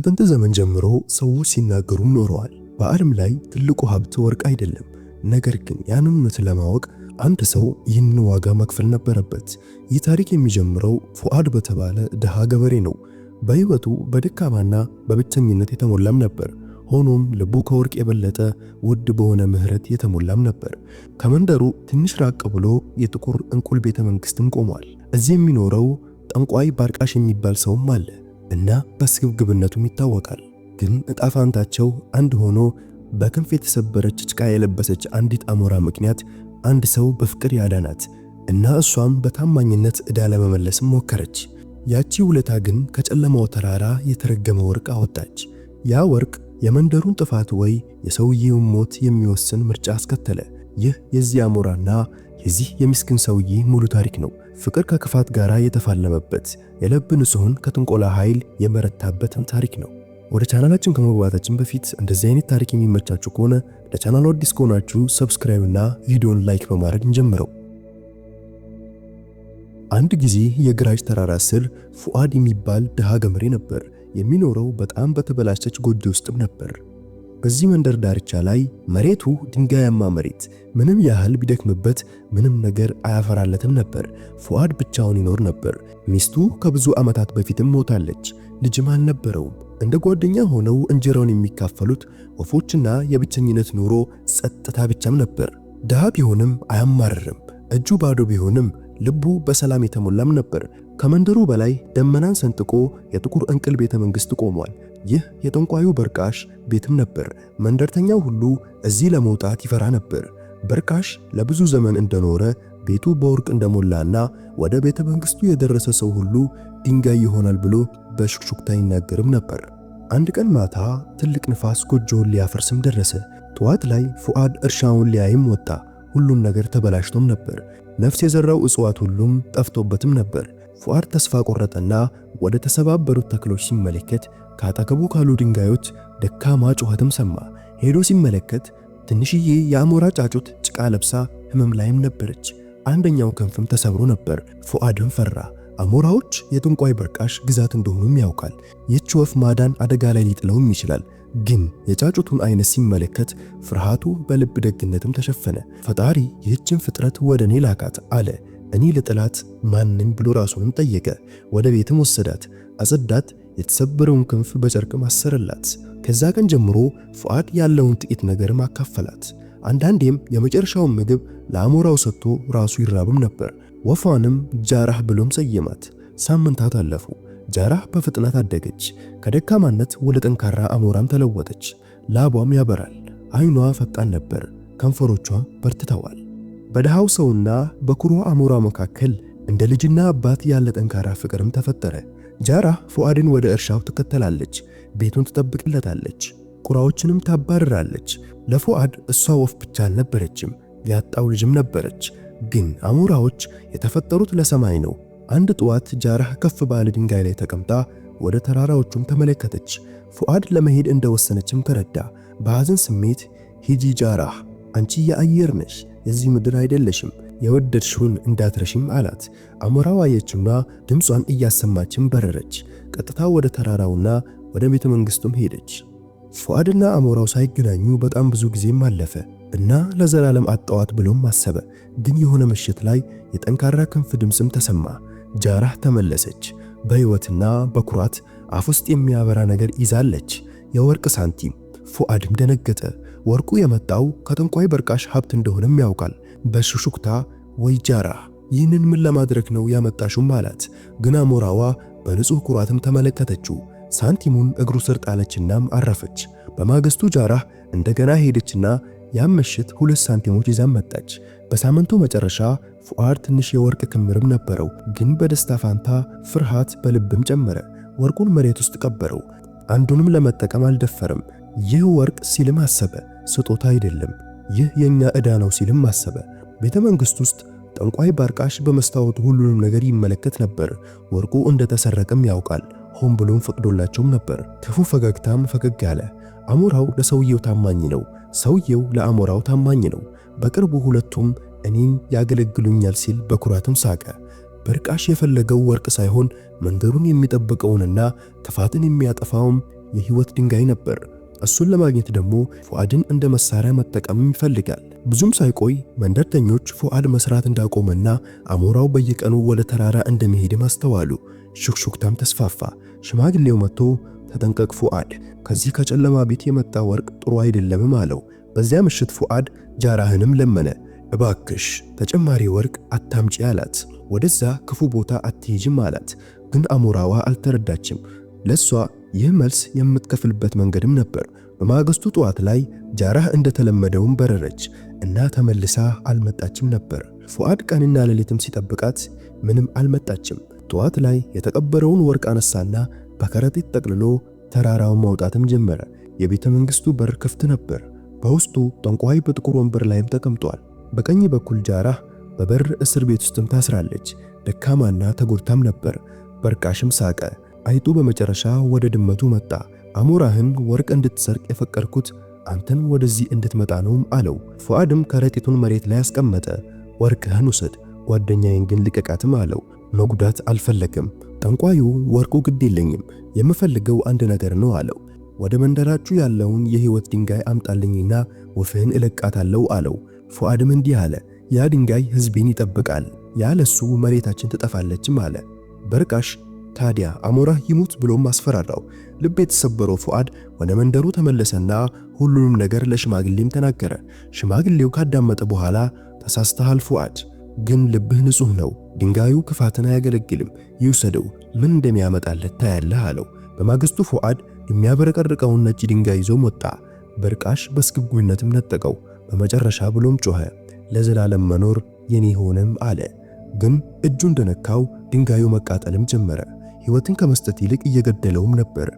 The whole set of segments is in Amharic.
ከጥንት ዘመን ጀምሮ ሰዎች ሲናገሩም ኖረዋል። በዓለም ላይ ትልቁ ሀብት ወርቅ አይደለም። ነገር ግን ያንን እውነት ለማወቅ አንድ ሰው ይህንን ዋጋ መክፈል ነበረበት። ይህ ታሪክ የሚጀምረው ፉአድ በተባለ ድሃ ገበሬ ነው። በሕይወቱ በድካማና በብቸኝነት የተሞላም ነበር። ሆኖም ልቡ ከወርቅ የበለጠ ውድ በሆነ ምሕረት የተሞላም ነበር። ከመንደሩ ትንሽ ራቅ ብሎ የጥቁር እንቁል ቤተ ቆሟል። እዚህ የሚኖረው ጠንቋይ ባርቃሽ የሚባል ሰውም አለ። እና በስግብግብነቱም ይታወቃል። ግን እጣ አንድ ሆኖ በክንፍ የተሰበረች ጭቃ የለበሰች አንዲት አሞራ ምክንያት አንድ ሰው በፍቅር ያዳናት እና እሷም በታማኝነት ዕዳ ለመመለስም ሞከረች። ያቺ ውለታ ግን ከጨለማው ተራራ የተረገመ ወርቅ አወጣች። ያ ወርቅ የመንደሩን ጥፋት ወይ የሰውየውን ሞት የሚወስን ምርጫ አስከተለ። ይህ የዚህ አሞራና የዚህ የምስኪን ሰውዬ ሙሉ ታሪክ ነው። ፍቅር ከክፋት ጋር የተፋለመበት የልብ ንጹህን ከጥንቆላ ኃይል የመረታበት ታሪክ ነው። ወደ ቻናላችን ከመግባታችን በፊት እንደዚህ አይነት ታሪክ የሚመቻችሁ ከሆነ ለቻናሉ አዲስ ከሆናችሁ ሰብስክራይብ እና ቪዲዮን ላይክ በማድረግ እንጀምረው። አንድ ጊዜ የግራጭ ተራራ ስር ፉአድ የሚባል ድሃ ገመሬ ነበር። የሚኖረው በጣም በተበላሸች ጎጆ ውስጥም ነበር። በዚህ መንደር ዳርቻ ላይ መሬቱ ድንጋያማ መሬት ምንም ያህል ቢደክምበት ምንም ነገር አያፈራለትም ነበር። ፉአድ ብቻውን ይኖር ነበር። ሚስቱ ከብዙ ዓመታት በፊትም ሞታለች፣ ልጅም አልነበረውም። እንደ ጓደኛ ሆነው እንጀራውን የሚካፈሉት ወፎችና የብቸኝነት ኑሮ ጸጥታ ብቻም ነበር። ድሃ ቢሆንም አያማርርም፣ እጁ ባዶ ቢሆንም ልቡ በሰላም የተሞላም ነበር። ከመንደሩ በላይ ደመናን ሰንጥቆ የጥቁር እንቅል ቤተ መንግሥት ቆሟል። ይህ የጠንቋዩ በርካሽ ቤትም ነበር። መንደርተኛው ሁሉ እዚህ ለመውጣት ይፈራ ነበር። በርካሽ ለብዙ ዘመን እንደኖረ ቤቱ በወርቅ እንደሞላና ወደ ቤተ መንግስቱ የደረሰ ሰው ሁሉ ድንጋይ ይሆናል ብሎ በሹክሹክታ ይናገርም ነበር። አንድ ቀን ማታ ትልቅ ንፋስ ጎጆውን ሊያፈርስም ደረሰ። ጠዋት ላይ ፉአድ እርሻውን ሊያይም ወጣ። ሁሉም ነገር ተበላሽቶም ነበር። ነፍስ የዘራው እጽዋት ሁሉም ጠፍቶበትም ነበር። ፉአድ ተስፋ ቆረጠና ወደ ተሰባበሩት ተክሎች ሲመለከት ከአጠገቡ ካሉ ድንጋዮች ደካማ ጩኸትም ሰማ። ሄዶ ሲመለከት ትንሽዬ የአሞራ ጫጩት ጭቃ ለብሳ ህመም ላይም ነበረች። አንደኛው ክንፍም ተሰብሮ ነበር። ፉአድም ፈራ። አሞራዎች የጥንቋይ በርቃሽ ግዛት እንደሆኑም ያውቃል። ይች ወፍ ማዳን አደጋ ላይ ሊጥለውም ይችላል። ግን የጫጩቱን አይነት ሲመለከት ፍርሃቱ በልብ ደግነትም ተሸፈነ። ፈጣሪ ይህችን ፍጥረት ወደ እኔ ላካት አለ። እኔ ልጥላት ማንም ብሎ ራሱንም ጠየቀ። ወደ ቤትም ወሰዳት፣ አጸዳት። የተሰበረውን ክንፍ በጨርቅ ማሰረላት። ከዛ ቀን ጀምሮ ፉአድ ያለውን ጥቂት ነገር ማካፈላት። አንዳንዴም የመጨረሻውን ምግብ ለአሞራው ሰጥቶ ራሱ ይራብም ነበር። ወፏንም ጃራህ ብሎም ሰየማት። ሳምንታት አለፉ። ጃራህ በፍጥነት አደገች። ከደካማነት ወደ ጠንካራ አሞራም ተለወጠች። ላቧም ያበራል፣ አይኗ ፈጣን ነበር፣ ከንፈሮቿ በርትተዋል። በደሃው ሰውና በኩሩ አሞራ መካከል እንደ ልጅና አባት ያለ ጠንካራ ፍቅርም ተፈጠረ። ጃራ ፉአድን ወደ እርሻው ትከተላለች፣ ቤቱን ትጠብቅለታለች፣ ቁራዎችንም ታባርራለች። ለፉአድ እሷ ወፍ ብቻ አልነበረችም፣ ያጣው ልጅም ነበረች። ግን አሞራዎች የተፈጠሩት ለሰማይ ነው። አንድ ጠዋት ጃራህ ከፍ ባለ ድንጋይ ላይ ተቀምጣ ወደ ተራራዎቹም ተመለከተች። ፉአድ ለመሄድ እንደወሰነችም ተረዳ። በሐዘን ስሜት ሂጂ ጃራህ፣ አንቺ የአየር ነሽ፣ የዚህ ምድር አይደለሽም የወደድሽውን እንዳትረሽም አላት። አሞራው አየችውና ድምጿን እያሰማችም በረረች። ቀጥታ ወደ ተራራውና ወደ ቤተ መንግስቱም ሄደች። ፉአድና አሞራው ሳይገናኙ በጣም ብዙ ጊዜም አለፈ እና ለዘላለም አጣዋት ብሎም አሰበ። ግን የሆነ ምሽት ላይ የጠንካራ ክንፍ ድምፅም ተሰማ። ጃራህ ተመለሰች። በህይወትና በኩራት አፍ ውስጥ የሚያበራ ነገር ይዛለች፣ የወርቅ ሳንቲም። ፉአድም ደነገጠ። ወርቁ የመጣው ከጠንቋይ በርቃሽ ሀብት እንደሆነም ያውቃል። በሹሹክታ ወይ ጃራ ይህንን ምን ለማድረግ ነው ያመጣሹም አላት። ግና ሞራዋ በንጹህ ኩራትም ተመለከተችው። ሳንቲሙን እግሩ ስር ጣለችናም አረፈች። በማግስቱ ጃራህ እንደገና ሄደችና ያም ምሽት ሁለት ሳንቲሞች ይዛም መጣች። በሳምንቱ መጨረሻ ፉአድ ትንሽ የወርቅ ክምርም ነበረው። ግን በደስታ ፋንታ ፍርሃት በልብም ጨመረ። ወርቁን መሬት ውስጥ ቀበረው። አንዱንም ለመጠቀም አልደፈረም። ይህ ወርቅ ሲልም አሰበ። ስጦታ አይደለም፣ ይህ የኛ ዕዳ ነው ሲልም አሰበ። ቤተ መንግሥት ውስጥ ጠንቋይ ባርቃሽ በመስታወቱ ሁሉንም ነገር ይመለከት ነበር። ወርቁ እንደተሰረቀም ያውቃል። ሆን ብሎም ፈቅዶላቸውም ነበር። ክፉ ፈገግታም ፈገግ አለ። አሞራው ለሰውየው ታማኝ ነው፣ ሰውየው ለአሞራው ታማኝ ነው። በቅርቡ ሁለቱም እኔን ያገለግሉኛል ሲል በኩራትም ሳቀ። በርቃሽ የፈለገው ወርቅ ሳይሆን መንገዱን የሚጠብቀውንና ክፋትን የሚያጠፋውም የህይወት ድንጋይ ነበር። እሱን ለማግኘት ደግሞ ፉአድን እንደ መሳሪያ መጠቀምም ይፈልጋል። ብዙም ሳይቆይ መንደርተኞች ፉአድ መስራት እንዳቆመና አሞራው በየቀኑ ወደ ተራራ እንደሚሄድም አስተዋሉ። ሹክሹክታም ተስፋፋ። ሽማግሌው መጥቶ ተጠንቀቅ ፉአድ፣ ከዚህ ከጨለማ ቤት የመጣ ወርቅ ጥሩ አይደለምም አለው። በዚያ ምሽት ፉአድ ጃራህንም ለመነ። እባክሽ ተጨማሪ ወርቅ አታምጪ አላት። ወደዛ ክፉ ቦታ አትሄጅም አላት። ግን አሞራዋ አልተረዳችም። ለእሷ ይህ መልስ የምትከፍልበት መንገድም ነበር። በማግስቱ ጠዋት ላይ ጃራህ እንደተለመደውም በረረች እና ተመልሳ አልመጣችም ነበር። ፉአድ ቀንና ሌሊትም ሲጠብቃት ምንም አልመጣችም። ጠዋት ላይ የተቀበረውን ወርቅ አነሳና በከረጢት ጠቅልሎ ተራራውን መውጣትም ጀመረ። የቤተ መንግስቱ በር ክፍት ነበር። በውስጡ ጠንቋይ በጥቁር ወንበር ላይም ተቀምጧል። በቀኝ በኩል ጃራህ በበር እስር ቤት ውስጥም ታስራለች። ደካማና ተጎድታም ነበር። በርቃሽም ሳቀ። አይጡ በመጨረሻ ወደ ድመቱ መጣ። አሞራህን ወርቅ እንድትሰርቅ የፈቀድኩት አንተን ወደዚህ እንድትመጣ ነውም አለው። ፉአድም ከረጢቱን መሬት ላይ አስቀመጠ። ወርቅህን ውሰድ፣ ጓደኛዬን ግን ልቀቃትም አለው። መጉዳት አልፈለግም። ጠንቋዩ ወርቁ ግድ የለኝም የምፈልገው አንድ ነገር ነው አለው። ወደ መንደራችሁ ያለውን የሕይወት ድንጋይ አምጣልኝና ወፍህን እለቃታለሁ አለው። ፉአድም እንዲህ አለ፣ ያ ድንጋይ ሕዝቤን ይጠብቃል፣ ያለሱ መሬታችን ትጠፋለችም አለ። በርካሽ ታዲያ አሞራ ይሙት ብሎም አስፈራራው። ልብ የተሰበረው ፉአድ ወደ መንደሩ ተመለሰና ሁሉንም ነገር ለሽማግሌም ተናገረ። ሽማግሌው ካዳመጠ በኋላ ተሳስተሃል ፉአድ፣ ግን ልብህ ንጹህ ነው። ድንጋዩ ክፋትን አያገለግልም። ይውሰደው፣ ምን እንደሚያመጣለት ታያለህ አለው። በማግስቱ ፉአድ የሚያብረቀርቀውን ነጭ ድንጋይ ይዞም ወጣ። በርቃሽ በስግብግብነትም ነጠቀው። በመጨረሻ ብሎም ጮኸ፣ ለዘላለም መኖር የኔ ሆነም አለ። ግን እጁ እንደነካው ድንጋዩ መቃጠልም ጀመረ። ሕይወትን ከመስጠት ይልቅ እየገደለውም ነበር።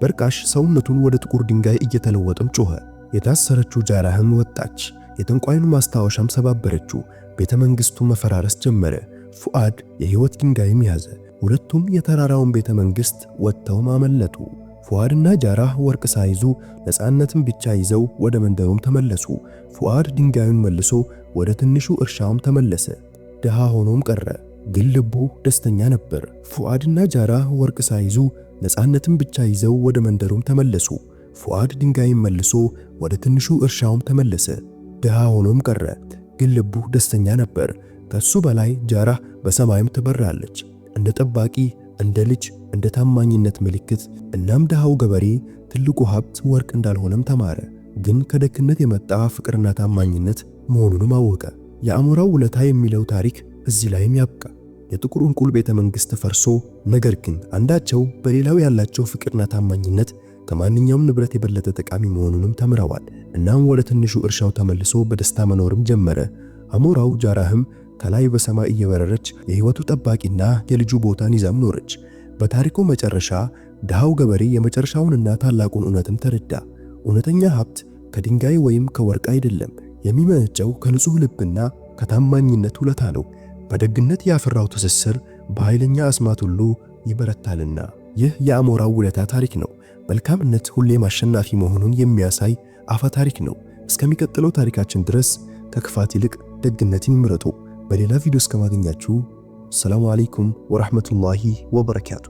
በርቃሽ ሰውነቱን ወደ ጥቁር ድንጋይ እየተለወጠም ጮኸ። የታሰረችው ጃራህም ወጣች። የተንቋዩን ማስታወሻም ሰባበረችው። ቤተ መንግስቱ መፈራረስ ጀመረ። ፉአድ የሕይወት ድንጋይም ያዘ። ሁለቱም የተራራውን ቤተ መንግስት ወጥተውም አመለጡ። ፉአድና ጃራህ ወርቅ ሳይዙ ነፃነትን ብቻ ይዘው ወደ መንደሩም ተመለሱ። ፉአድ ድንጋዩን መልሶ ወደ ትንሹ እርሻውም ተመለሰ። ድሃ ሆኖም ቀረ። ግን ልቡ ደስተኛ ነበር። ፉአድና ጃራ ወርቅ ሳይዙ ነፃነትን ብቻ ይዘው ወደ መንደሩም ተመለሱ። ፉአድ ድንጋይም መልሶ ወደ ትንሹ እርሻውም ተመለሰ። ድሃ ሆኖም ቀረ፣ ግን ልቡ ደስተኛ ነበር። ከሱ በላይ ጃራ በሰማይም ትበራለች፣ እንደ ጠባቂ፣ እንደ ልጅ፣ እንደ ታማኝነት ምልክት። እናም ድሃው ገበሬ ትልቁ ሀብት ወርቅ እንዳልሆነም ተማረ፣ ግን ከደክነት የመጣ ፍቅርና ታማኝነት መሆኑንም አወቀ። የአሞራው ውለታ የሚለው ታሪክ እዚህ ላይም ያብቃ። የጥቁር እንቁል ቤተ መንግሥት ፈርሶ፣ ነገር ግን አንዳቸው በሌላው ያላቸው ፍቅርና ታማኝነት ከማንኛውም ንብረት የበለጠ ጠቃሚ መሆኑንም ተምረዋል። እናም ወደ ትንሹ እርሻው ተመልሶ በደስታ መኖርም ጀመረ። አሞራው ጃራህም ከላይ በሰማይ እየበረረች የሕይወቱ ጠባቂና የልጁ ቦታን ይዛም ኖረች። በታሪኩ መጨረሻ ድሃው ገበሬ የመጨረሻውንና ታላቁን እውነትም ተረዳ። እውነተኛ ሀብት ከድንጋይ ወይም ከወርቅ አይደለም፣ የሚመነጨው ከንጹሕ ልብና ከታማኝነት ውለታ ነው። በደግነት ያፈራው ትስስር በኃይለኛ አስማት ሁሉ ይበረታልና። ይህ የአሞራው ውለታ ታሪክ ነው። መልካምነት ሁሌም አሸናፊ መሆኑን የሚያሳይ አፈ ታሪክ ነው። እስከሚቀጥለው ታሪካችን ድረስ ከክፋት ይልቅ ደግነትን ይምረጡ። በሌላ ቪዲዮ እስከማገኛችሁ ሰላም አለይኩም ወራህመቱላሂ ወበረካቱ።